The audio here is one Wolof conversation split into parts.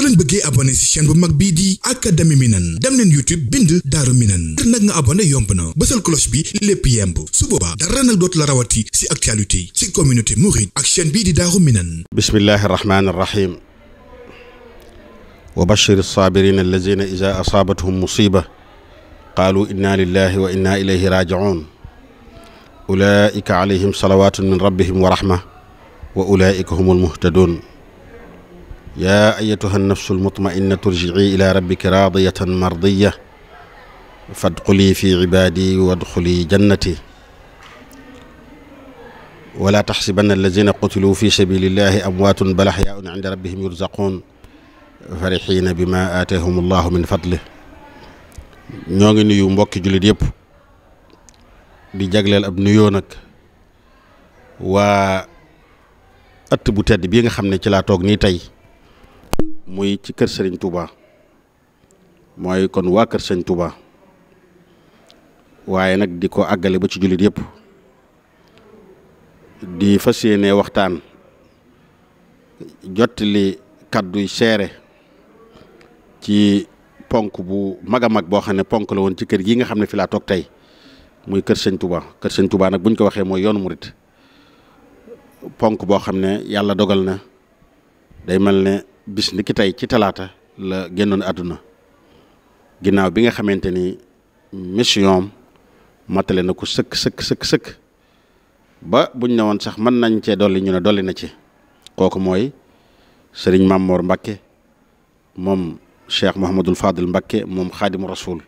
soo leen bëggee abonné ci chaîne bu mag bii di académie Minane dem leen YouTube bind Daaru Minane ngir nag nga abonné yomb na bësal cloche bi lépp yemb su boobaa dara nag dootu la rawati ci actualité ci communauté mouride ak chaîne bii di Daaru Minane bismillahi rahmaani rahim wa bashir saabiriin allazina ida asaabathum musiba qaalu inna lillahi wa inna ilayhi raaji'un ulaika alayhim salawaatun min rabbihim wa rahma wa ulaika humul muhtadun yaa ayatuha nafsu almutmainna turjicii ila rabbiki raadiyatan mardiya fadxuli fi cibaadi wadxuli jannati wala taxsibanna allazina qutiluu fi sabilillahi amwaatun bal axyaaun cinda rabbihim yurzaquun farixiina bima aatahum allahu min fadli ñoo ngi nuyu mbokki jullit yëpp di jagleel ab nuyoo nag waa ëtt bu tedd bii nga xam ne ci laa toog nii tey muy ci kër sëriñ Touba mooy kon waa kër sëriñ Touba waaye nag di ko àggale ba ci jullit yëpp di fas yéene waxtaan jottali kàdduy seere ci ponk bu mag mag boo xam ne ponk la woon ci kër gi nga xam ne fi laa toog tey muy kër sëñ Touba kër sëñ Touba nag buñ ko waxee mooy yoonu murit ponk boo xam ne yàlla dogal na day mel ne bis ni ki tey ci talaata la génnoon àdduna ginnaaw bi nga xamante ni mission matale na ko sëkk sëkk sëkk sëkk ba buñ ne woon sax mën nañ cee dolli ñu ne dolli na ci kooku mooy sëriñ Mamor Mbakke moom Cheikh Mouhamadul Fadil Mbakke moom xaadimu rasul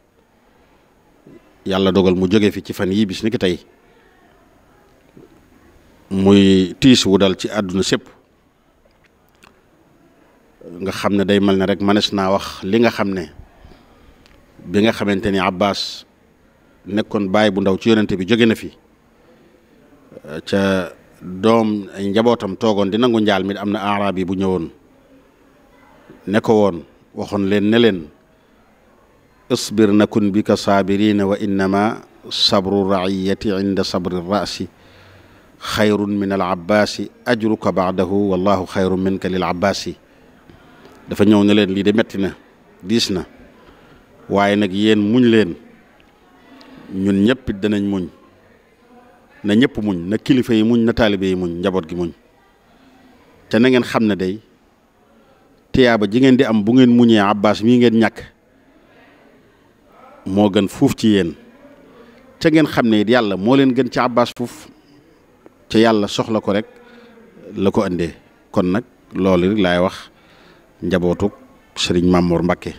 yàlla dogal mu jóge fi ci fan yii bis ni ki tey muy tiis wu dal ci àdduna sépp nga xam ne day mal ne rek mënees naa wax li nga xam ne bi nga xamante ni Abbas nekkoon baay bu ndaw ci yonente bi jóge na fi eh, doom njabootam toogoon di nangu njaal mi am na arab yi bu ñëwoon ne ko woon waxoon leen ne leen isbir nakun bi ka saabirina wa innama sabru raiyati inda sabri rasi xayrun min al abbaasi ajruka baadahu wallahu xayrun minka lil abbaasi dafa ñëw na leen lii de metti na diis na waaye nag yéen muñ leen ñun ñëpp danañ muñ na ñëpp muñ na kilifa yi muñ na taalibe yi muñ njaboot gi muñ te nangeen xam na day tiyaaba ji ngeen di am bu ngeen muñee Abbas mii ngeen ñàkk moo gën fuuf ci yéen ca ngeen xam ne it yàlla moo leen gën ci Abbas fuuf ca yàlla soxla ko rek la ko indee kon nag loolu rek laay wax njabootuk sëriñ Mamor Mbakke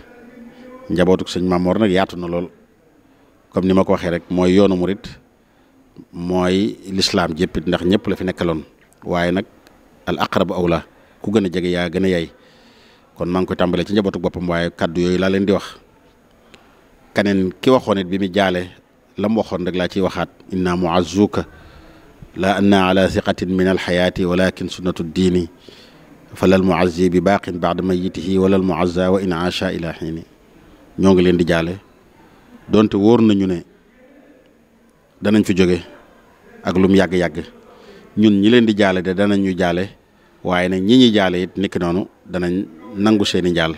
njabootuk sëriñ Mamor nag yaatu na lool comme ni ma ko waxee rek mooy yoonu murit mooy lislaam jéppit ndax ñëpp la fi nekkaloon waaye nag al aqrabu awla ku gën a jege yaa gën a yaay kon maa ngi koy tàmbalee ci njabootuk boppam waaye kàddu yooyu laa leen di wax keneen ki waxoon bi mu jaale la mu waxoon rek laa ciy waxaat naa inna muazzuka la anna ala siqatin min alxayaati walakin sunnatu diini falal muazzi bi baaqin baada mayitihi walal muazza wa in acha ila xiini ñoo ngi leen di jaale donte wóor nañu ne danañ fi jóge ak lum yàgg-yàgg ñun ñi leen di jaale de danañ ñu jaale waaye nag ñi ñuy jaale it nekk noonu danañ nangu seeni njaal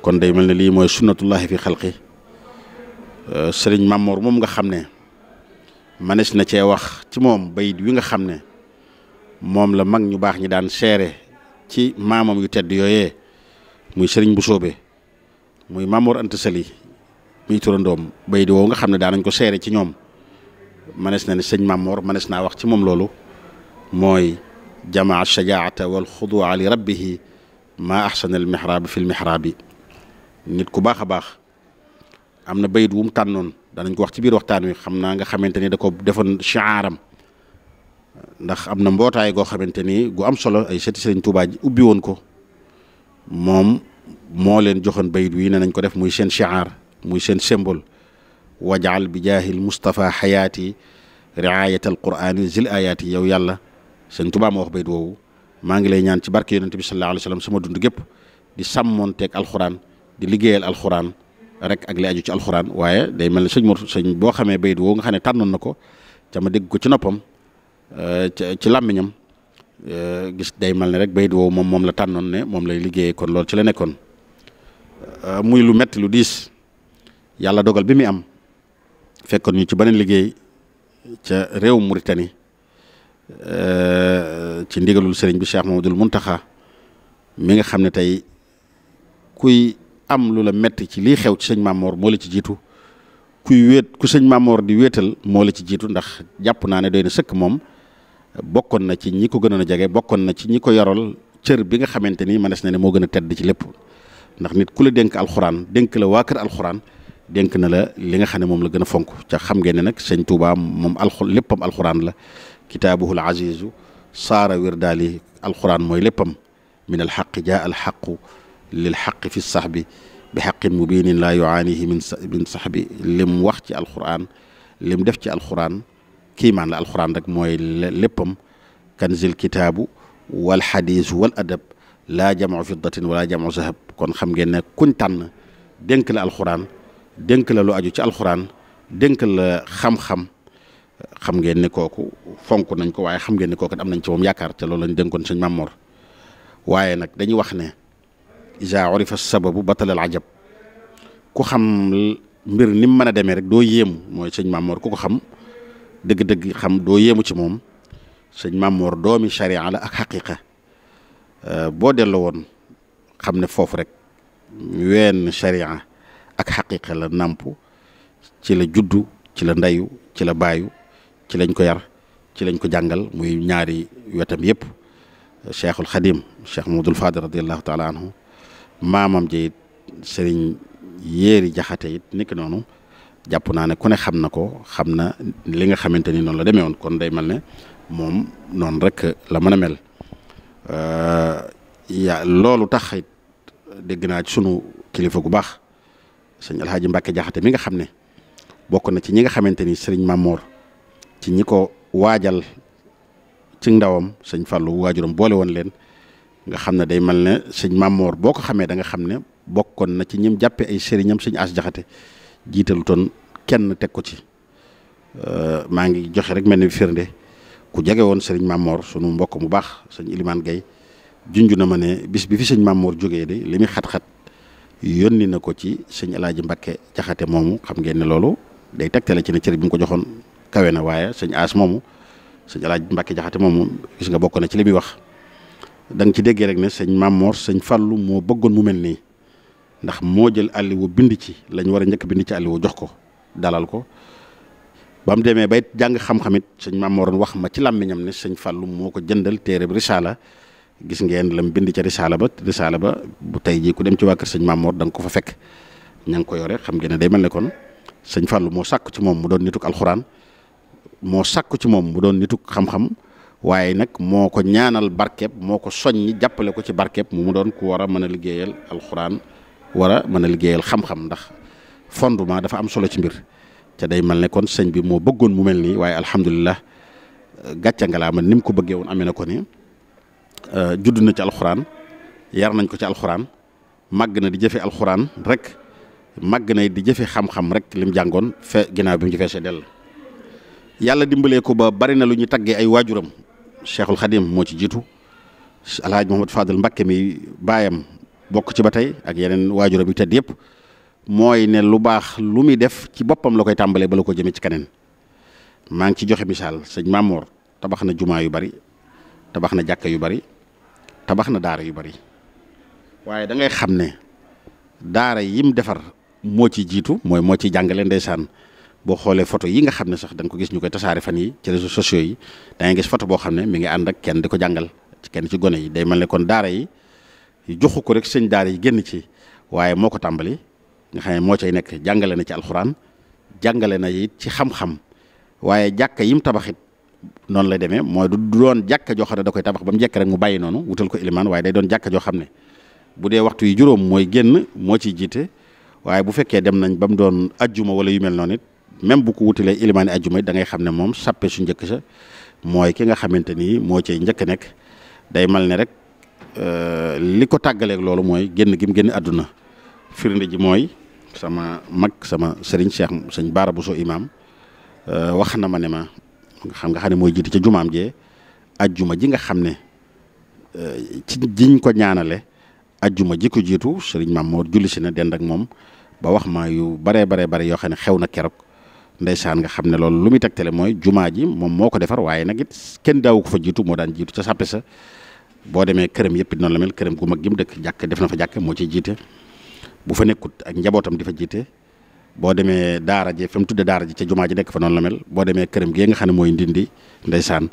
kon day mel ne lii mooy sunnatullahi fi xalqi euh, sëriñ Mamoor moom nga xam ne manes na cee wax ci moom bayit wi nga xam ne moom la mag ñu baax ñi daan seere ci maamam yu tedd yooyee muy sëriñ bu soobe muy Mamoor Anta Sali muy turandoom bay di nga xam ne daanañ ko seere ci ñoom manes na ne sëñ Mamoor manes naa wax ci moom loolu mooy jamaa shajaata wal xudua li rabbihi maa axsana al mihraabi fi l mihraabi nit ku baax a baax am na bayit wu mu tànnoon danañ ko wax ci biir waxtaan wi xam naa nga xamante ni da ko defoon chiaaram ndax am na mbootaay goo xamante ni gu am solo ay sëti sëriñ Tuubaa ubbi woon ko moom moo leen joxoon bayit wii ne nañ ko def muy seen shiar muy seen symbole wajaal bi jaahil Moustapha xayaati riayatal qurani zil ayaati yow yàlla sëñ Tuubaa ma wax bayit woowu maa ngi lay ñaan ci barke yonente bi sallallahu alayhi wa sama dund gépp di sàmmoonteeg alxuraan di liggéeyal alxuraan rek ak li aju ci alxuraan waaye day mel ne sëñ Mor sëñ boo xamee bayit woowu nga xam ne tànnoon na ko ca ma dégg ko ci noppam Euh, ci làmmiñam euh, gis day mal ne rek bayit woowu moom moom la tànnoon ne moom lay liggéey kon loolu ci la nekkoon euh, muy lu metti lu diis yàlla dogal bi muy am fekkoon ñu ci beneen liggéey ca réew Mauritanie ci ndigalul sëriñ bi Cheikh Mamadul taxa mi nga xam ne tey kuy am lu la metti ci lii xew ci sëñ Mamor moo la ci jiitu kuy wéet ku sëñ Mamor di wéetal moo ci jiitu ndax jàpp naa ne doy na sëkk moom bokkoon na ci ñi ko gënoon a jege bokkoon na ci ñi ko yoral cër bi nga xamante ni mënees na ne moo gën a tedd ci lépp ndax nit ku la denk alxuraan dénk la waa kër alxuraan dénk na la li nga xam ne moom la gën a fonk ca xam ngeen ne nag sëñ Touba moom alxu léppam alxuraan la kitaabuhul azizu saara wirdaali alxuraan mooy léppam min alxaqi jaa alxaqu lil xaqi fi saxbi bi xaqin mubiinin laa yuaanihi min min saxbi lim wax ci alxuraan lim def ci alxuraan kiimaan la alxuraan rek mooy léppam kanzil kitaabu wal xadiis wal adab laa jamoo fiddatin wala jamoo zahab kon xam ngeen ne kuñ tànn dénk la alxuraan denk la lu aju ci alxuraan dénk la xam-xam xam ngeen ne kooku fonk nañ ko waaye xam ngeen ne kooku am nañ ci moom yaakaar te loolu lañ dénkoon sëñ Mamor waaye nag dañuy wax ne iza urifa sababu batala al ajab ku xam mbir ni mu mën a demee rek doo yéemu mooy sëñ Mamor ku ko xam dëgg-dëgg xam doo yéemu ci moom sëñ Mamoor doomi charia la ak xaqiqa euh, boo delloo woon xam ne foofu rek wenn charia ak xaqiqa la nàmp ci la juddu ci la ndeyu ci la baayu ci lañ ko yar ci lañ ko jàngal muy ñaari wetam yëpp cheikhul xadim cheikh Mamadul Fadil radiallahu taala anhu maamam ji it sëriñ yéeri jaxate it nekk noonu jàpp naa ne ku ne xam na ko xam na li nga xamante ni noonu la demee woon kon day mel ne moom noonu rek la mën a mel euh, ya loolu tax it dégg naa ci sunu kilifa gu baax sëñ Alxaaji Mbàkke Jaxate mi nga xam ne bokk na ci ñi nga xamante ni sëriñ Mamoor ci ñi ko waajal ci ndawam sëñ Fàllu waajuram boole woon leen nga xam ne day mel ne sëñ Mamoor boo ko xamee da nga xam ne bokkoon na ci ñim jàppe ay sëriñam sëñ As Jaxate jiitalutoon kenn teg ko ci euh, maa ngi joxe rek mel ni firnde ku jege woon sëriñ Mamor sunu mbokk mu baax sëñ Ilimaan Gay junj na ma ne bis bi fi sëñ Mamor jógee de li xat-xat yónni na ko ci sëñ Alaaji Mbakke Jaxate moomu xam ngeen ne loolu day tegtale ci ne cër bi mu ko joxoon kawe na waaye sëñ Aas moomu sëñ Alaaji Mbakke Jaxate moomu gis nga bokkoon na ci li muy wax danga ci déggee rek ne sëñ Mamor sëñ Fàllu moo bëggoon mu mel nii. ndax moo jël àlli bind ci lañ war a njëkk bind ci àlli wu jox ko dalal ko ba mu demee bay jàng xam-xam it sëñ maam moo doon wax ma ci làmbiñam ne sëñ Fàllu moo ko jëndal téere bi risaala gis ngeen lam bind ca risaala ba risaala ba bu tey jii ku ci waa kër sëñ maam ko fa fekk ña ngi ko yore xam ngeen ne day mel ne kon sëñ Fàllu moo sàkku ci moom mu doon nituk alxuraan moo sàkku ci moom mu doon nituk xam-xam waaye nag moo ko ñaanal barkeeb moo ko soññi jàppale ko ci barkeeb mu mu doon ku war a mën a liggéeyal alxuraan war mën a liggéeyal xam-xam ndax fondement dafa am solo ci mbir te day mel ne kon sëñ bi moo bëggoon mu mel nii waaye alhamdulilah gàcce nga laa man ni ko bëggee woon amee na ko ni euh, judd na ci alxuraan yar nañ ko ci alxuraan màgg na di jëfe alxuraan rek màgg na di jëfe xam-xam rek lim jàngoon fe ginnaaw bi mu ci feesee dell yàlla dimbalee ko ba bari na lu ñu taggee ay waajuram cheikhul xadim moo ci jiitu alhaaj Mohamad Fadal Mbakke mi baayam bokk ci ba tey ak yeneen waajur bi tedd yëpp mooy ne lu baax lu muy def ci boppam la koy tàmbalee ba la ko jëmee ci keneen maa ngi ci joxe misaal sëñ Mamour tabax na jumaa yu bari tabax na jàkka yu bari tabax na daara yu bari waaye da ngay xam ne daara yim defar moo ci jiitu mooy moo ci jàngale ndeysaan boo xoolee foto yi nga xam ne sax da ko gis ñu koy tasaare fan yi ci réseaux sociaux yi da ngay gis photo boo xam ne mi ngi ànd ak kenn di ko jàngal kenn ci gone yi day mel ne daara yi. joxu ko rek sëñ daara yi génn ci waaye moo ko tàmbali nga xam ne moo cay nekk jàngale na ci alxuraan jàngale na yit ci xam-xam waaye jàkka yim tabaxit noonu lay demee mooy du doon jàkka joo xam ne da koy tabax ba mu jekk rek mu bàyyi noonu wutal ko ilimaan waaye day doon jàkka xam ne bu dee waxtu yi juróom mooy génn moo ciy jiite waaye bu fekkee dem nañ ba mu doon ajjuma wala yu mel noonu it même bu ko wutalee ilimaani ajjuma it da ngay xam ne moom sappe su njëkk sa mooy ki nga xamante ni moo cay njëkk nekk day mal ne rek Euh, li ko tàggaleek loolu mooy génn gi génn àdduna firnde ji mooy sama mag sama sëriñ Cheikh sëñ Baara Bousso Imaam euh, wax na ma ne ma xam nga xam ne mooy jiite ca jumaam jee ajjuma ji nga xam ne euh, ci jiñ ko ñaanale ajjuma ji jiitu sëriñ maam moo julli si na dend ak moom ba wax ma yu baree baree bare yoo xam ne xew na keroog ndeysaan nga xam ne lool lu muy tegtale mooy jumaa ji moom moo ko defar waaye nag it kenn daawu ko fa jiitu moo daan jiitu ca sàppe sa boo demee këram yëpp it noonu la mel këram gu mag gi mu dëkk jàkk def na fa jàkk moo ciy jiite bu fa nekkut ak njabootam di fa jiite boo demee daara ji fa mu tudde daara ji ca jumaa ji nekk fa noonu la mel boo demee këram gi nga xam ne mooy ndindi ndeysaan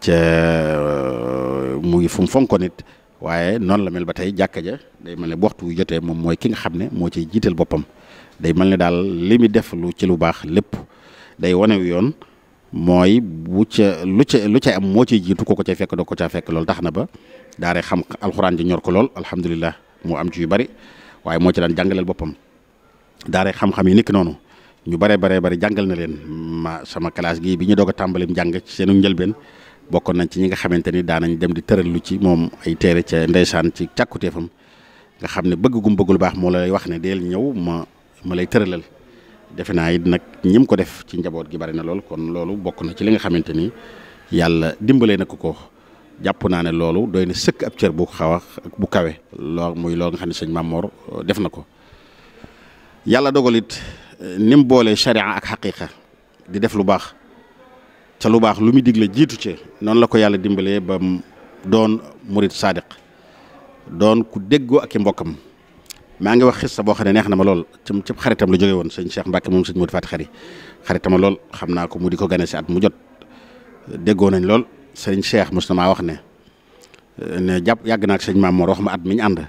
ca euh, mu ngi fu mu nit waaye noonu la mel ba tey jàkka ja day mel ne bu waxtu wi moom mooy ki nga xam ne moo ciy jiital boppam day mal ne daal li muy def lu ci lu baax lépp day wane yoon mooy bu ca lu ca lu ca am moo ciy jiitu ko ko ca fekk doo ko ca fekk loolu tax na ba daare xam alxuraan ji ñor ko lool alhamdulilah mu am ci yu bari waaye moo ci daan jàngaleel boppam daare xam yi nekk noonu ñu bare bare bari jàngal na leen ma sama classe gi bi ñu doog a tàmbali jàng ci seenu njëlbeen bokkoon nañ ci ñi nga xamante ni nañ dem di tëral lu ci moom ay téere ca ndeysaan ci càkkuteefam nga xam ne bëgg gum bëgg lu baax moo lay wax ne deel ñëw ma ma lay tëralal defe naa it nag ñim ko def ci njaboot gi bari na lool kon loolu bokk na ci li nga xamante ni yàlla dimbale na ko ko jàpp naa ne loolu doy na sëkk ab cër bu xaw bu kawe lool muy loo nga xam ne sëñ Mamor euh, def na ko yàlla dogal it euh, ni mu boolee charia ak xaqiqa di def lu baax ca lu baax lu muy digle jiitu ci noonu la ko yàlla dimbalee ba doon murit sadiq doon ku déggoo ak i mbokkam maa ngi wax xis sa boo xam neex na ma lool ci ci xaritam la jóge woon sëñ Cheikh Mbacke moom sëñ Modou Fati xari xaritama lool xam naa ko mu di ko gane si mu jot déggoo nañ lool sëñ Cheikh mos na wax euh, ne jàpp yàgg naa sëñ Maam Mor wax ma at mi ànd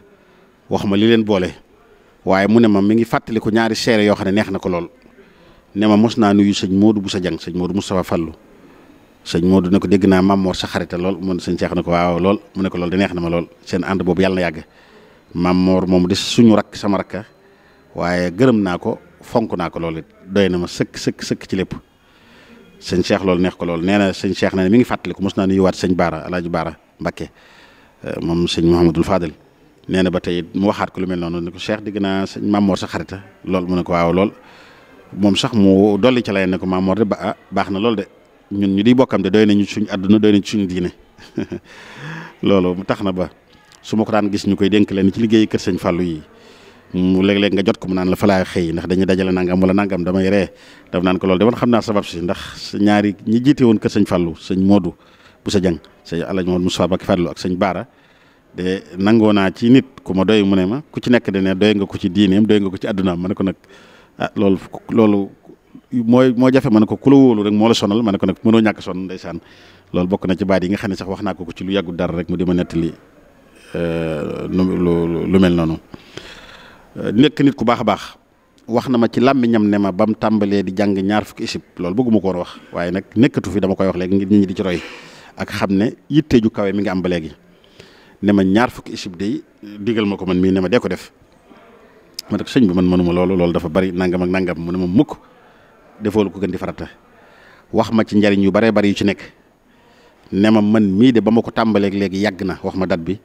wax ma li leen boole waaye mu ne ma mi ngi fàttaliku ñaari seere yoo xam ne neex na ko lool ne ma mos naa nuyu sëñ Modou Boussa Dieng sëñ Modou Moustapha Fallou sëñ Modou ne ko dégg naa Maam Mor sa xarita lool mun sëñ Cheikh ne ko waaw mu ne ko lool di neex na ma lool seen ànd boobu yàlla na yàgg maam Mor moom di suñu rakk sama rakka waaye gërëm naa ko fonk naa ko lool it doy na ma sëkk sëkk sëkk ci lépp sëñ Cheikh loolu neex ko loolu nee na sëñ Cheikh ne mi ngi fàttaliku mos naa nuyuwaat sëñ Baara Alaaji Baara Mbakke euh, moom sëñ Mouhamadul Fadel nee na ba tey mu waxaat ko lu mel noonu ne ko Cheikh digg naa sëñ Maam xarita loolu mu ne ko waaw lool moom sax mu dolli ca lay ne ko Maam Mor de ba ah baax na loolu de ñun ñu di bokkam de doy nañu suñu àdduna doy nañu suñu diine loolu mu tax na ba. su ma ko daan gis ñu koy dénk leen ci liggéey kër sëñ Fallou yi mu léeg-léeg nga jot ko mu naan la falaa xëy ndax dañu dajale nangam wala nangam damay ree daf naan ko loolu de man xam naa sabab si ndax ñaari ñi jiite woon kër sëñ Fallou sëñ Modou bu sa jàng sëñ Alaaji Modou Moussa Bakki Fallou ak sëñ Baara de nangoo naa ci nit ku ma doy mu ne ma ku ci nekk de ne doy nga ko ci diineem doy nga ko ci addunaam ma ne ko nag ah loolu loolu mooy moo jafe ma ne ko ku la wóolu rek moo la sonal mënoo ñàkk sonn ndeysaan loolu bokk na ci baat yi nga xam ne sax wax naa ko ko ci lu yàggu dara rek mu di ma nettali Euh, lu lu mel noonu euh, nekk nit ku baax a baax wax na ma ci làmmiñam ne ma ba tàmbalee di jàng ñaar fukki isib loolu bëgguma ko woon wax waaye nag nekkatu fi dama koy wax léegi ngir nit ñi di ci roy ak xam ne yitte ju kawe mi ngi am ba léegi ne ma ñaar fukki isib day digal ma ko man mii ne ma dee ko def ma ne ko sëñ bi man mënuma loolu loolu dafa bari nangam ak nangam mu ne ma mukk defoolu ko gën di farata wax ma ci njariñ yu baree bari yu ci nekk ne ma man mii de ba ma ko tàmbaleek léegi yàgg na wax ma dat bi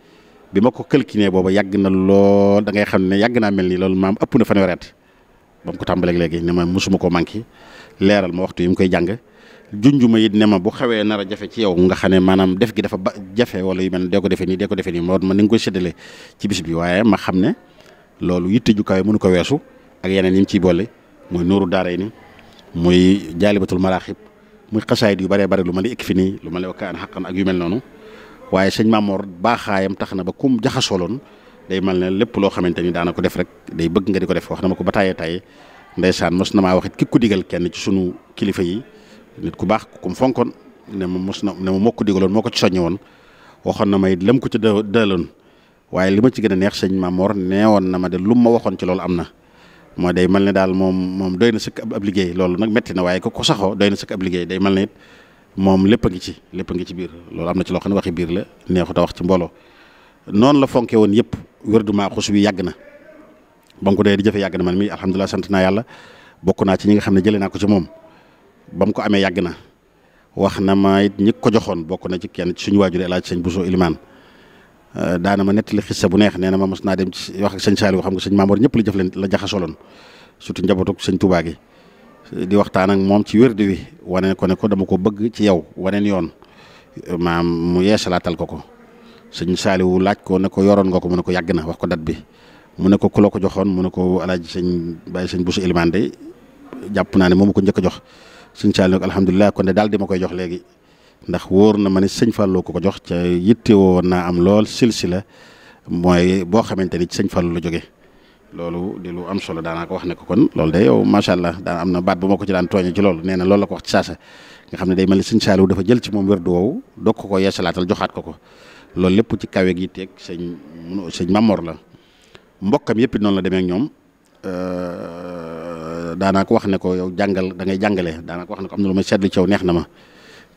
bi ma ko calculé boobu yàgg na lool da ngay xam ne yàgg naa mel ni loolu maam ëpp na fanweeri at ba mu ko tàmbalee léegi ne ma mosuma ko manqué leeral ma waxtu yi mu koy jàng junjuma yit ne ma bu xawee nar a jafe ci yow nga xam ne maanaam def gi dafa ba jafe wala yu mel ne dee ko defee nii dee ko defee nii moo ma ni nga koy ci bis bi waaye ma xam ne loolu yitte ju kawe mënu ko weesu ak yeneen yi mu ciy boole muy nuuru daara ni muy jaalibatul maraaxib muy xasaayit yu bëree bëri lu ma la ikk fi nii lu ma la wakkaan xaqan ak yu mel noonu waaye sëñ Maamoor baaxaayam tax na ba kum jaxasooloon day mel ne lépp loo xamante ni daana ko def rek day bëgg nga di ko def wax na ma ko ba tàyyee tàyyee ndeysaan mos na maa waxit ki ko digal kenn ci sunu kilifa yi nit ku baax ku mu fonkoon ne ma mos na ne ma moo ko digaloon moo ko ci soññe woon waxoon na ma it lam ko ci dëloon waaye li ma ci gën a neex sëñ Maamoor nee woon na ma de lu ma waxoon ci loolu am na moo day mel ne daal moom moom doy na sëkk ab liggéey loolu nag metti na saxoo doy na sëkk ab liggéey day mel ne it moom lépp a ngi ci lépp a ngi ci biir loolu am na ci loo xam ne waxi biir la neexut a wax ci mbooloo noon la fonke woon yëpp wérdu maaxus wi yàgg na ba ko dee di jafe yàgg na man mi alhamdulilah sant na yàlla bokk naa ci ñi nga xam ne jëlee naa ko ci moom ba ko amee yàgg na wax na ma it ñi ko joxoon bokk na ci kenn ci suñu waajur El Hadj Sëñ Bousso Ilimane euh, daana ma nettali xissa bu neex nee na ma mos naa dem ci wax ak sëñ Saliou xam nga sëñ Mamour ñëpp la jëf leen la jaxasoloon surtout njabootu sëñ Touba gi di waxtaan ak moom ci wérdi wi wane ko ne ko dama ko bëgg ci yow waneen yoon maam mu yeesalaatal ko ko sëñ Saaliwu laaj ko ne ko yoroon nga ko mu ne ko yàgg na wax ko dat bi mu ne ko ku la ko joxoon mu ne ko alaaji sëñ bàyyi sëñ Busu Ilimaan de jàpp naa ne moom ko njëkk a jox sëñ Saaliwu ne kon de daal di ma koy jox léegi ndax wóor na ma ne sëñ ko ko jox ca yitte woon naa am lool silsila mooy boo xamante ni sëñ Fallou la jóge loolu di lu am solo daanaka wax ne ko kon loolu de yow macha allah daan am na baat bu ma ko ci daan tooñe ci loolu nee na loolu la ko wax ci saasa nga xam ne day mel ni sëñ Saliou dafa jël ci moom wérdu woowu dog ko ko yeesalaatal joxaat ko ko loolu lépp ci kawe gi teeg sëñ mun sëñ Mamor la mbokkam yëpp noonu la demee ak ñoom euh, daanaka wax ne ko yow jàngal da ngay jàngale daanaka wax ne ko am na lu ma seetlu ci yow neex na ma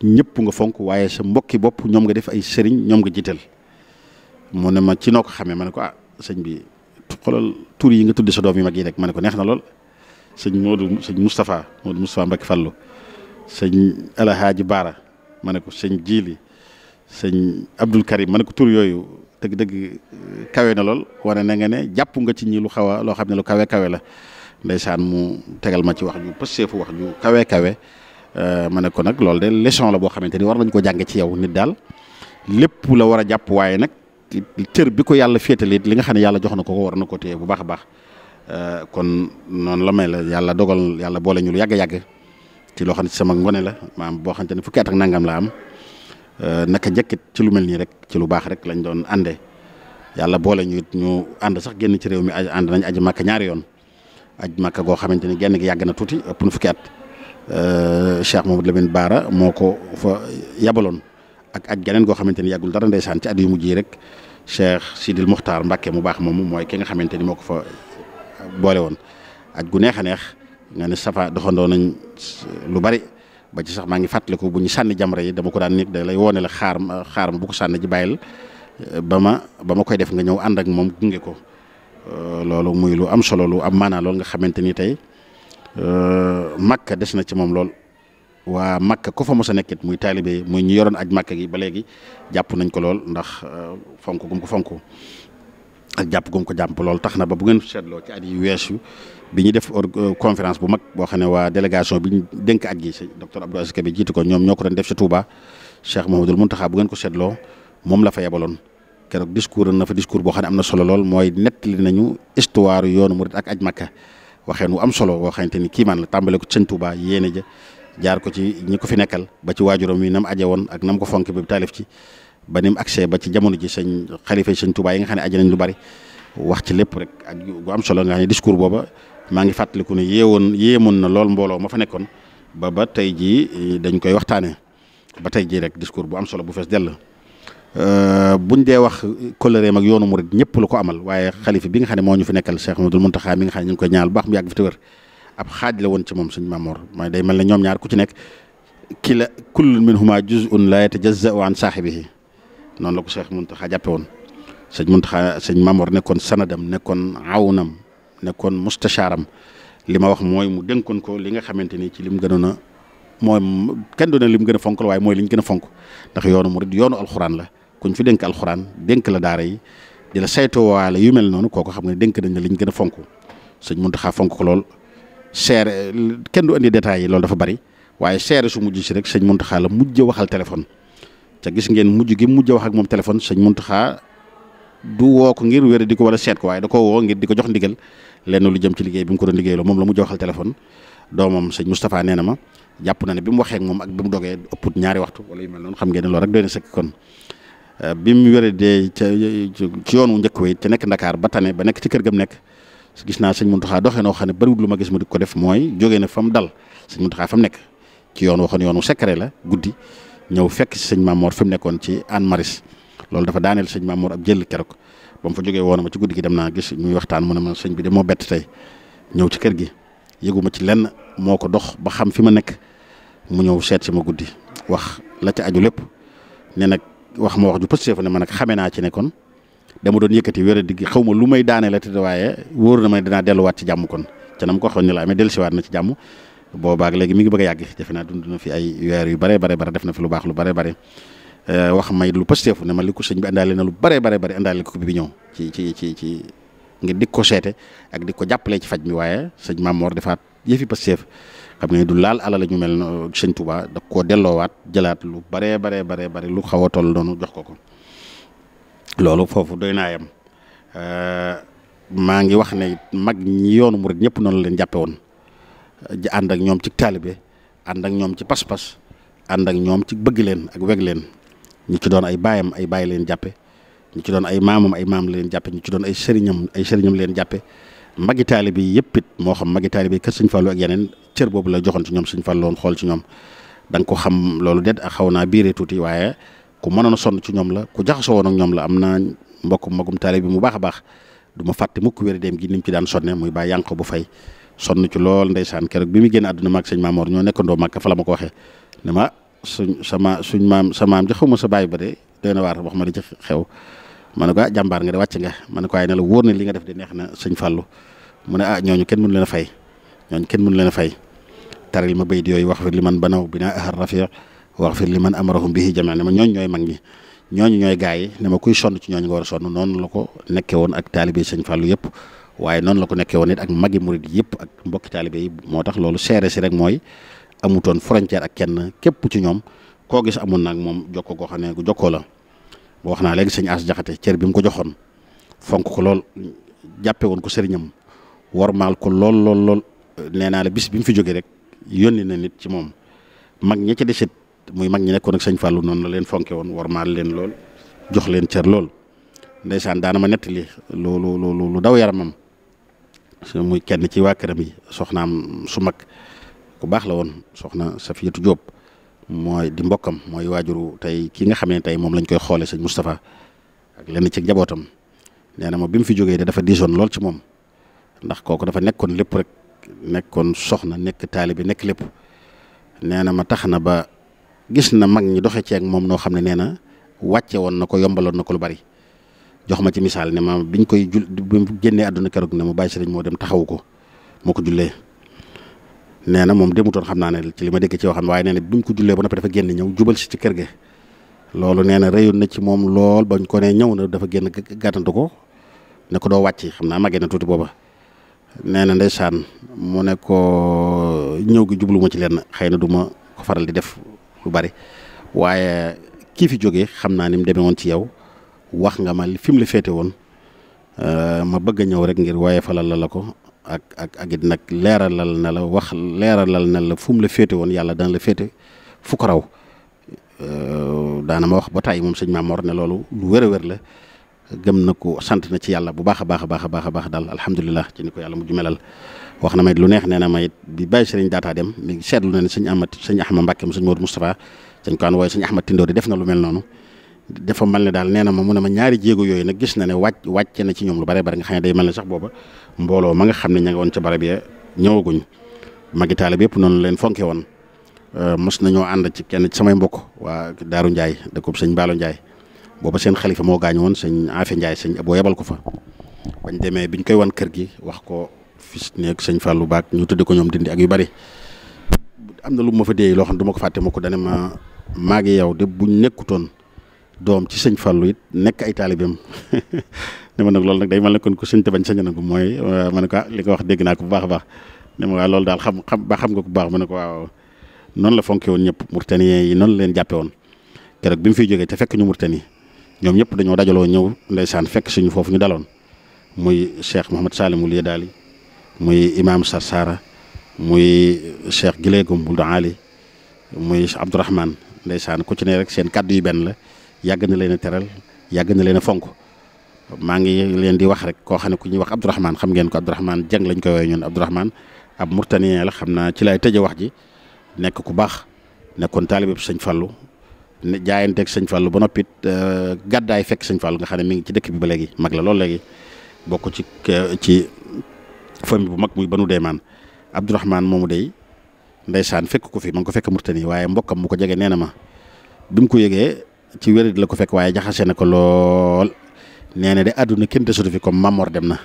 ñëpp nga fonk waaye sa mbokki bopp ñoom nga def ay sëriñ ñoom nga jiital mu ne ma ci noo ko xamee ma ne ko ah sëñ bi. xoolal tur yi nga tudd sa doom yi mag yi rek ma ne ko neex na lool sëñ Modou sëñ Moustapha Modou Moustapha Mbacke Fallu sëñ Alhaaji Baara ma ne ko sëñ Jili sëñ Abdul Karim ma ne ko tur yooyu dëgg-dëgg euh, kawe na lool wane na nga ne jàpp nga ci ñi lu xaw a loo xam ne lu kawe kawe la ndeysaan mu tegal ma ci wax ju pëseefu wax kawe kawe euh, ma ne ko nag loolu de leçon la boo xamante ni war nañ ko jànge ci yow nit daal lépp la war a jàpp waaye nag. cër bi ko yàlla féetale li nga xam ne yàlla jox na ko war na ko téye bu baax a baax euh, kon noonu la may la yàlla dogal yàlla boole ñu lu yàgg yàgg ci loo xam ne ci sama ngone la maam boo xamante ne fukki ak nangam la am euh, naka njëkkit ci lu mel nii rek ci lu baax rek lañ doon àndee yàlla boole ñu it ñu ànd sax génn ci réew mi ànd nañ aji màkk ñaari yoon aji màkk goo xamante ni genn gi yàgg na tuuti ëpp na fukki at euh, Cheikh Mamadou Lamine Baara moo ko fa yabaloon. ak aj geneen goo xamante ni yàggul dara ndeysaan ci at yu mujj yi rek Cheikh Sidil Muxtaar mbake mu baax moomu mooy ki nga xamante ni moo ko fa euh, boole woon aj gu neex a neex nga ne safa doxandoo nañ lu bari ba ci sax maa ngi fàttaliku bu ñu sànni jamra yi dama ko daan nit da lay woone la xaar ma xaar ma bu ko sànni ji bàyyil euh, ba ma ba ma koy def nga ñëw ànd ak moom gunge ko euh, loolu muy lu am solo lu am maanaa lool nga xamante ni tey Makka des na ci moom lool waa Makka ku fa mos a nekkit muy taalibe muy ñu yoroon aj Makka gi ba léegi jàpp nañ ko lool ndax euh, fonk gum ko fonk ak jàpp gum ko jàpp lool tax na ba bu ngeen seetloo ci at yi weesu bi ñu def euh, conférence bu mag boo xam ne waa bi ñu dénk aj gi si docteur Abdou Aziz bi jiitu ko ñoom ñoo ko doon def si Touba Cheikh Mouhamadoul Mountakha bu ngeen ko seetloo moom la fa yebaloon keroog discours na fa discours boo xam ne am na solo lool mooy nettali nañu histoire yoonu murid ak aj Makka waxeen wu am solo boo xamante ni kiimaan la tàmbale ko sëñ Touba yéene ja jaar ko ci ñi ko fi nekkal ba ci waajuram wi nam aje woon ak nam ko fonk bi taalif ci ba ni mu ba ci jamono ji sëñ xalifa yi sëñ Tuubaa yi nga xam ne aje nañ lu bari wax ci lépp rek ak am solo nga xam ne discours booba maa ngi fàttaliku ne yéewoon yéemoon na lool mbooloo ma fa nekkoon ba ba tey jii eh, dañ koy waxtaanee ba tey jii rek discours bu am solo bu fees dell euh, buñ dee wax kóllëreem ak yoonu murid ñëpp lu ko amal waaye xalifa bi nga xam ne moo ñu fi ab xaaj la woon ci moom suñ Mamoor mooy day mel na ñoom ñaar ku ci nekk ki la kullun minhuma juz'un la waan an saahibihi noonu la ko Cheikh Mountakha jàppe woon sëñ Mountakha sëñ Mamoor nekkoon sanadam nekkoon awnam nekkoon mustashaaram li ma wax mooy mu dénkoon ko li nga xamante ni ci lim gënoon a mooy kenn du lim gën a fonk la waaye mooy liñ gën a fonk ndax yoonu murid yoonu alxuraan la koñ fi dénk alxuraan dénk la daara yi di la saytoo waale yu mel noonu kooku xam nga dénk nañ la liñ gën a sëñ Mountakha fonk ko lool seere kenn du indi détails yi loolu dafa bari waaye seere su mujj si rek sëñ Muntaxa la mujj waxal téléphone te gis ngeen mujj gi mujj wax ak moom téléphone sëñ Muntaxa du woo ko ngir wér di ko wala seet waaye da ko woo ngir di jox ndigal lenn lu jëm ci liggéey bi mu ko doon liggéey la moom la mujj waxal téléphone doomam sëñ Moustapha nee na ma jàpp na ne bi mu waxee moom ak bi mu dogee ëpput ñaari waxtu wala yu mel noonu xam ngeen ne loolu rek doy na sëkk kon bi mu wéradee ca ci yoon wu njëkk way te nekk Ndakaar ba tane ba nekk ci kër gam nekk gis naa sëñ Muntaxa doxe noo xam ne bëriwul lu ma gis mu di ko def mooy jógee na fa mu dal sëñ Muntaxa fa mu nekk ci yoon waxoon yoonu secret la guddi ñëw fekk si sëñ Mamoor fi mu nekkoon ci an Maris loolu dafa daaneel sëñ Mamoor ab jël keroog ba fa jógee woon ma ci guddi gi dem naa gis ñuy waxtaan mu ne ma sëñ bi de moo bett tey ñëw ci kër gi yëguma ci lenn moo ko dox ba xam fi ma nekk mu ñëw seet si ma guddi wax la aju lépp ne nag wax ma wax ju pëstee fa ne ma nag xame naa ci ne dama doon yëkkati wér digg xaw ma lu may daane la te waaye wóor na ma ne dinaa delluwaat ci jàmm kon ca nam ko waxoon ne la amee dellusiwaat na ci jàmm boobaag léegi mi ngi bëgg a yàgg defe naa dund na fi ay weer yu bare bare bare def na lu baax lu bare euh, wax may lu pësteefu ne ma li ko sëñ bi na lu bare bare bare àndaale ko bi ñëw ci ci ci ci ngir di ko seete ak di ko jàppale ci faj mi waaye sëñ Mamor defaat yëfi pësteef xam ne du laal alal ñu mel sëñ Touba da koo delloowaat jëlaat lu bare bare bare bare lu xaw a toll noonu jox ko ko loolu foofu doy naa yem euh, maa ngi wax ne mag ñi yoonu rek ñëpp noonu leen jàppe woon ji ànd ak ñoom ci taalibe ànd ak ñoom ci pas-pas ànd ak ñoom ci bëgg leen ak weg leen ñu ci doon ay baayam ay baay leen jàppe ñu ci doon ay maamam ay maam leen jàppe ñu ci doon ay sëriñam ay sëriñam leen jàppe magi taalibe yi yëpp it moo xam magi taalibe yi kër Sëñ Fallu ak yeneen cër boobu la joxoon ci ñoom Sëñ Fallu loon xool ci ñoom da nga ko xam loolu det ak xaw naa biiree tuuti waaye ku mënoon a sonn ci ñoom la ku jaxasoo woon ak ñoom la am na mbokk magum taale bi mu baax a baax du ma fàtte mukk wér dem gi ni ci daan sonne muy baa yànq bu fay sonn ci lool ndeysaan keroog bi mu génn àdduna maag sëñ Maamoor ñoo nekkandoo màkk fa la ma ko waxee ne ma suñ sama suñ maam sa maam xaw ma sa bàyyi ba de doy na waar wax ma di xew ma ne ko ah, jàmbaar nga de wàcc nga ma ne ko waaye la wóor na li nga def de neex na sëñ Fallou mu ne ah ñooñu kenn mënu leen a fay ñooñu kenn mënu leen a fay taril ma bay yooyu wax fi li man banaw bi naa ahar rafiq waxfir li man amarahum bihi jami'an ne ma ñooñu ñooy mag ñi ñooñu ñooy gaa yi ne ma sonn ci ñooñu nga war a sonn noonu la ko nekkee woon ak taalibe sëñ Fallou yëpp waaye noonu la ko nekkee woon ak magi murid yëpp ak mbokki taalibe yi moo tax loolu seere si rek mooy amutoon frontière ak kenn képp ci ñoom koo gis amoon nag moom jokko goo xam ne gu jokkoo la wax naa léegi sëñ As Jaxate cër bi mu ko joxoon fonk ko lool jàppe woon ko sëriñam warmaal ko lool lool lool nee naa la bis bi mu fi jógee rek yónni na nit ci moom mag ñi ci desit muy mag ñi nekkoon ak sëñ falu noonu la leen fonke woon warmaal leen lool jox leen cër lool ndeysaan daana ma nettali lu lu lu lu daw yaramam muy kenn ci waa këram yi soxnaam su mag ku baax la woon soxna Safiyatu Diop mooy di mbokkam mooy waajuru tey ki nga xam ne tey moom lañ koy xoolee sëñ Moustapha ak lenn ci njabootam nee na ma bi mu fi jógee de dafa diisoon lool ci moom ndax kooku dafa nekkoon lépp rek nekkoon soxna nekk taalibe nekk lépp nee na tax na ba. gis na mag ñi doxe ci moom noo xam ne nee na wàcce woon na ko yombaloon na ko lu bari jox ma ci misaal ne ma biñ koy jul bi mu génnee àdduna keroog ne mu bàyyi sëriñ moo dem taxawu ko moo ko jullee nee na moom demutoon xam naa ne ci li ma dégg ci yoo xam ne waaye nee na ko jullee ba noppi dafa génn ñëw jubal si kër ga loolu nee na réyoon na ci moom lool bañ ko ne ñëw na dafa génn gàttantu ko ne ko doo wàcc xam naa màggee na tuuti booba nee na ndeysaan mu ne ko ñëw gi jublu ma ci lenn xëy na du ma ko faral di def lu bari waaye kii fi jógee xam naa ni mu demee woon ci yow wax nga ma fi mu la féete woon euh, ma bëgg a ñëw rek ngir waaye falal la la ko ak ak ak it nag leeralal na la wax leeralal na la fu la féete woon yàlla dana la féete fu ko raw euh, daana ma wax ba tàyyi moom sëñ Maamoor ne loolu lu wér a la gëm na ko sant na ci yàlla bu baax a baax a baax a baax a baax daal alhamdulilah ci ni ko yàlla mujj melal. wax na ma it lu neex nee na ma it bi bàyyi sëriñ dem mi ngi seetlu na ne sëñ Ahmad sëñ Ahmad Mbàkke sëñ Modou Moustapha dañ ko an wooye sëñ Ahmad def na lu mel noonu dafa mel ne daal nee ma mu ne ma ñaari jéego yooyu nag gis na ne wàcc wàcce na ci ñoom lu bare bare nga xam ne day mel ne sax booba mbooloo ma nga xam ne ña nga woon ca barab ya ñëwaguñ magi taale bi yëpp noonu leen fonke woon euh, mos nañoo ànd ci kenn ci samay mbokk waa Daaru Ndiaye dëkkub sëñ Baalu Ndiaye booba seen xalifa moo gaañu woon sëñ Afe Ndiaye sëñ boo yebal ko fa bañ gi wax ko fiche nekk sëñ Fallou Baak ñu tudde ko ñoom dindi ak yu bari am na lu ma fa dee loo xam ne du ma ko fàtte ma ko dane ma maa ngi yow de buñ nekkutoon doom ci sëñ Fallou it nekk ay taalibeem ne ma nag loolu nag day mal ne kon ko sëñ te bañ sañ na ko mooy ma ne ko ah, li ko wax dégg naa bu baax a baax ne ma daal xam xam xam nga ko baax ma ne ko noonu la fonke woon ñëpp Mauritaniens yi noonu leen jàppe woon keroog bi mu fiy jógee te fekk ñu Mauritanie ñoom ñëpp dañoo dajaloo ñëw ndeysaan fekk suñu foofu ñu daloon muy Cheikh Mouhamed Salimou Liye daal muy imaam Sarsara muy cheikh Gileegum Buld Ali muy Abdourahman ndeysaan ku ci ne rek seen kàddu yi benn la yàgg na leen a teral yàgg na leen a fonk maa ngi leen di wax rek ko xam ne ku ñuy wax Abdourahman xam ngeen ko Abdourahman jeng lañ koy woowee ñun Abdourahman ab murtanien la xam naa ci laay teje wax ji nekk ku baax nekkoon taalibe sëñ Fallou ne teg sëñ Fallou ba noppit euh, gàddaay fekk sëñ Fallou nga xam ne mi ngi ci dëkk bi ba léegi mag la loolu léegi bokk ci euh, famille bu mag muy banu deymaan Abdourahman moomu dey ndeysaan fekk ko fi ma ngi ko fekk Murtani waaye mbokkam mu ko jege nee na ma bi mu ko yëgee ci wér la ko fekk waaye jaxase na ko lool nee na de àdduna kenn desatu fi comme Mamor dem na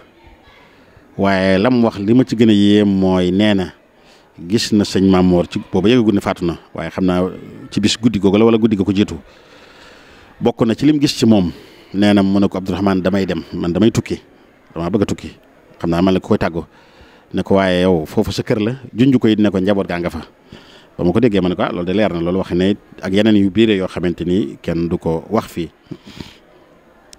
waaye lam wax li ma ci gën a yéem mooy nee na gis na sëñ Mamor ci booba yëgagul ne faatu na waaye xam naa ci bis guddi googu la wala guddi ga ko jiitu bokk na ci lim gis ci moom nee na mu ne ko Abdourahman damay dem man damay tukki damaa bëgg tukki. xam naa man la ko koy tàggu ne ko waaye yow foofu sa kër la junj ko it ne ko njaboot gaa nga fa ba ma ko déggee ma ne ko ah loolu de na loolu wax ne ak yeneen yu biire yoo xamante ni kenn du ko wax fii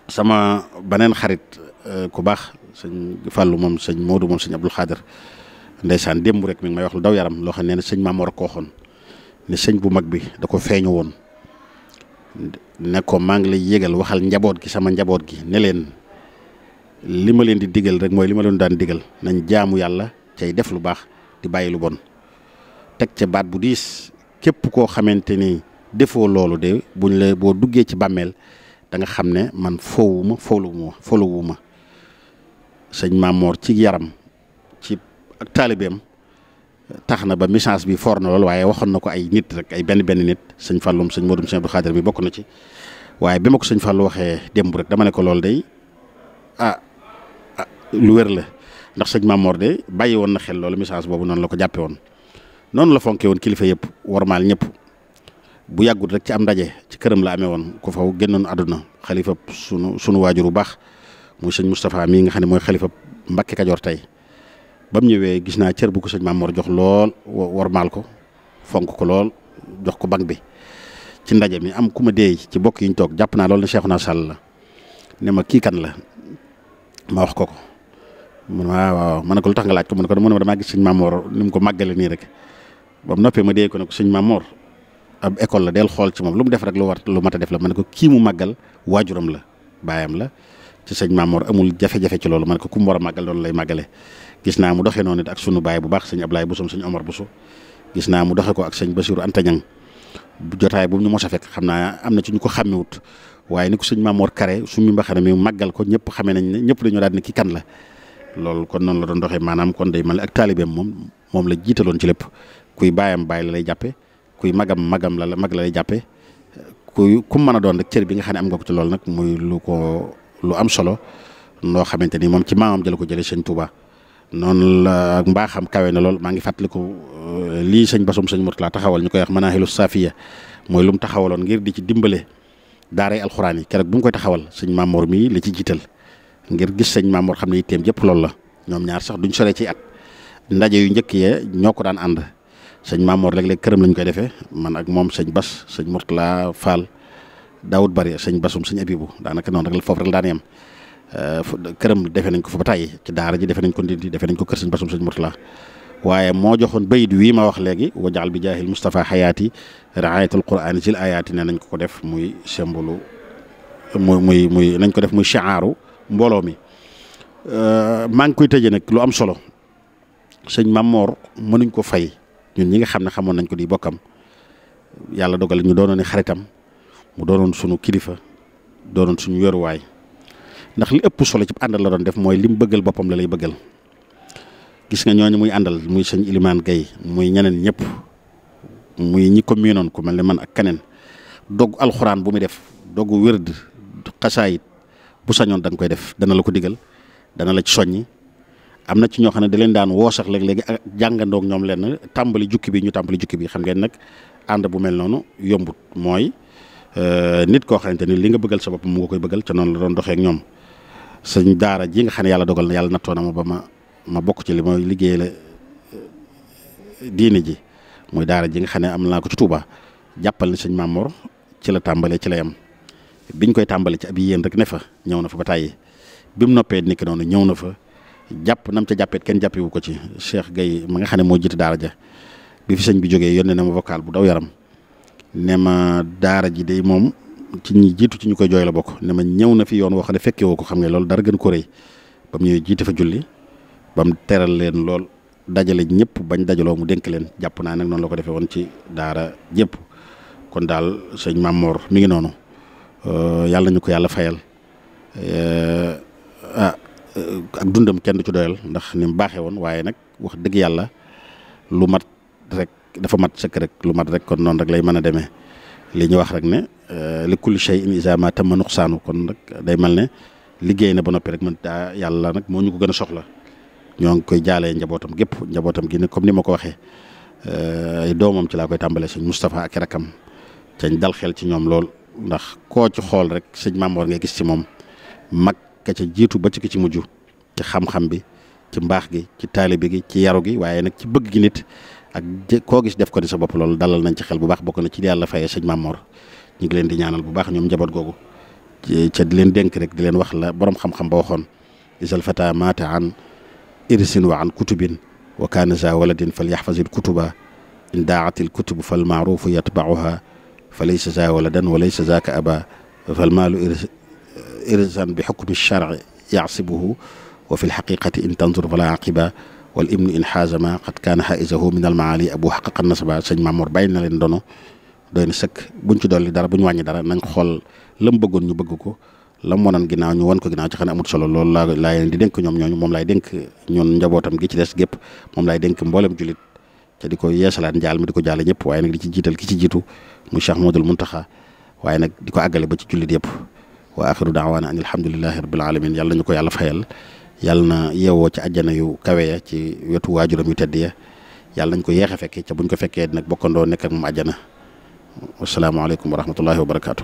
sama beneen xarit euh, ku baax sëñ Fallou moom sëñ moodu moom sëñ Abdul Xaadir ndeysaan démb rek mi may wax lu daw yaram loo xam ne sëñ Mamor ko waxoon ne sëñ bu mag bi da ko feeñu woon ne ko maa ngi lay yëgal waxal njaboot gi sama njaboot gi ne leen. li ma leen di diggal rek mooy li ma leen daan digal nañ jaamu yàlla cay def lu baax di bàyyi lu bon teg ca baat bu diis képp koo xamante ni defoo loolu de buñ la boo duggee ci bàmmeel da nga xam ne man foowuma fooluwuma fooluwuma sëñ Mamor ci yaram ci ak taalibeem tax na ba message bi for na lool waaye waxoon na ko ay nit rek ay benn benn nit sëñ Falloum sëñ Modou sëñ Abdou Khadir bi bokk na ci waaye bi ma ko sëñ Fallou waxee démb rek dama ne ko loolu day ah, lu wér la ndax sëñ mamoor de bàyyi woon na xel loolu message boobu noonu la ko jàppe woon noonu la fonke woon kilifa yëpp maal ñëpp bu yàggut rek ci am ndaje ci këram la amee woon ku faw génnoon àdduna xalifa sunu sunu waajur bu baax muy sëñ Moustapha mii nga xam ne mooy xalifa Mbàkke Kajoor tey ba mu ñëwee gis naa cër bu ko sëñ Mor jox lool warmaal ko fonk ko lool jox ko bang bi ci ndaje mi am ku ma deey ci bokk yi ñu toog jàpp naa loolu ne Cheikhouna Sall la ne ma kii kan la ma wax ko ko man waaw ma ne ko lu tax nga laaj ko man ko man ma damaa gis sëñ Mamor ni ko màggale nii rek ba mu ma dee ko ne ko sëñ Mamor ab école la del xool ci moom lu mu def rek lu war lu mat a def la ma ne ko kii mu màggal waajuram la baayam la ci sëñ Mamor amul jafe-jafe loolu ma ne ko ku war a màggal lay màggale gis naa mu doxee noonu ak sunu baay bu baax sëñ Ablaye Bousso sëñ Omar Bousso gis naa mu doxee ko ak sëñ Bassirou Anta Niang jotaay bu ñu mos a fekk xam naa am na ci ñu ko xàmmewut waaye ni ko sëñ Mamor Kare su mi mbaxana mi màggal ko ñëpp xamee nañ ne ñëpp dañoo daal ne kii kan la loolu kon noonu la doon doxee maanaam kon day mel ak taalibeem moom moom la jiitaloon ci lépp kuy baayam baay la lay jàppe kuy magam magam la mag la lay jàppe kuy ku mën a doon rek cër bi nga xam ne am nga ci loolu nag muy lu ko lu am solo noo xamante ni moom ci maamam jëla ko jële sëñ Touba noonu la ak mbaaxam kawe na lool maa ngi ko euh, lii sëñ basum sëñ Murtala taxawal ñu koy wax manaahilu safiya mooy lu mu taxawaloon ngir di ci dimbale daaray alxuraan yi keroog bu mu koy taxawal sëñ Mamour mii la ci jiital ngir gis sëñ Mamour xam ne itteem jëpp loolu la ñoom ñaar sax duñ soree ci at ndaje yu njëkk yee ñoo ko daan ànd sëñ Mamour léeg-léeg këram lañ koy defee man ak moom sëñ Bas sëñ Mourtala Fall Daoud Bari sëñ Basum sëñ Abibu daanaka noonu rek la foofu rek la daan yem euh, këram defee nañ ko fa ba tàyyi ci daara ji defee nañ ko ndindi defe nañ ko kër sëñ Basum sëñ Mourtala waaye moo joxoon bayit wii ma wax léegi wajaal bi jaahil Moustapha Hayaati raayatul Quraan zil ayaati ne nañ ko ko def muy symbole muy muy muy nañ ko def muy chiaaru mbooloo mi euh, maa ngi koy tëje nag lu am solo sëñ Mamor mënuñ ko fay ñun ñi nga xam ne xamoon nañ ko di bokkam yàlla dogal ñu doonoon xaritam mu doonoon suñu kilifa doonoon suñu yoruwaay ndax li ëpp solo ci àndal la doon def mooy lim bëggal boppam la lay bëggal gis nga ñooñu muy àndal muy sëñ Ilimaan Gay muy ñeneen ñëpp muy ñi ko miinoon ku mel ni man ak keneen dogg alxuraan bu muy def dogg wérd xasaayit bu sañoon da koy def dana la ko digal dana la ci soññi am na ci ñoo xam ne da leen daan woo sax léeg-léegi ak jàngandoog ñoom lenn tàmbali jukki bi ñu tàmbali jukki bi xam ngeen nag ànd bu mel noonu yombut mooy euh, nit koo xamante ni li nga bëggal sa bopp mu nga koy bëggal ca noonu la doon doxee ak ñoom sëñ daara ji nga xam ne yàlla dogal na yàlla nattoo na ma ba ma ma bokk ci li mooy liggéey la euh, diine ji mooy daara ji nga xam ne am naa ko ci Touba jàppal ni sëñ Mamor ci la tàmbalee ci lay am biñ koy tàmbali ci ab yéen rek ne fa ñëw na fa ba tàyyi bi mu noppee niki noonu ñëw na fa jàpp nam ca jàppee kenn jàppewu ko ci Cheikh Gueye ma nga xam ne moo jiite daara ja bi fi sëñ bi jógee yónnee na ma vocal bu daw yaram ne ma daara ji dey moom ci ñi jiitu ci ñu koy jooy la bokk ne ma ñëw na fi yoon woo xam ne fekkee woo ko xam nga loolu dara gën ko rëy ba mu jiite fa julli ba mu teral leen lool dajale ñëpp bañ dajaloo mu dénk leen jàpp naa nag noonu la ko defee woon ci daara jépp kon daal sëñ Mamor mi ngi noonu. Euh, yàlla ñu ko yàlla fayal euh, ah, euh, dundam kenn du ci doyal ndax ni baaxee woon waaye nag wax dëgg yàlla lu mat rek dafa mat sëkk rek lu mat rek kon noonu rek lay mën a demee li ñu wax rek ne li kulli shay'in iza ma tamma nuqsaanu kon nag day mel ne liggéey na ba noppi rek mën taa yàlla nag moo ñu ko gën a soxla ñoo ngi koy jaalee njabootam gépp njabootam gi ne comme ni ma ko waxee ay doomam ci laa koy tàmbalee sëñ Moustapha ak rakam cañ dal xel ci ñoom lool. ndax koo ci xool rek sëñ Mamor nga gis ci moom mag ka ca jiitu ba ci ki ci mujj ci xam-xam bi ci mbaax gi ci taalibe gi ci yaru gi waaye nag ci bëgg gi nit ak koo gis def ko di sa bopp loolu dalal nañ ci xel bu baax bokk na ci yàlla fayee sëñ Mamor ñu ngi leen di ñaanal bu baax ñoom njaboot googu ca di leen denk rek di leen wax la boroom xam-xam ba waxoon isal fata maata an irsin wa an kutubin wa kaana za waladin fal yaxfasil kutuba in daatil kutubu fal maarufu yatbauha fa laysa za waladan wa laysa zaka aba fal maalu irsan bi xukmi charci yaxsibuhu wa fi lxaqiqati in tanzur fala aqiba wal ibnu in xaazama qad kaana xaisahu min almaali abu xaqaqan nasaba sëñ Mamour bàyyi na leen dono doy na sëkk buñ ci dolli dara buñ wàññi dara nañ xool lam bëggoon ñu bëgg ko lam wonan ginnaaw ñu ko ginnaaw ci xanaa amut solo la laa laa leen ñoom ñooñ moom laay dénk ñun njabootam gi ci des gépp moom laay dénk mboolem jullit te di ko yeesalaat njaal mi di ko jaale ñëpp waaye nag di ci jiital ki ci jiitu mu Cheikh Modou Mountakha waaye nag di ko àggale ba ci jullit yëpp wa axiru daawaana an alhamdulilahi rabbil alamin yàlla ñu ko yàlla fayal yàlla na yeewoo ca àjjana yu kawe ci wetu waajuram yu tedd ya yàlla nañ ko yeex a fekkee ca buñ ko fekkee nag bokkandoo nekk ak moom àjjana wasalaamaaleykum wa rahmatullahi wa barakaatu.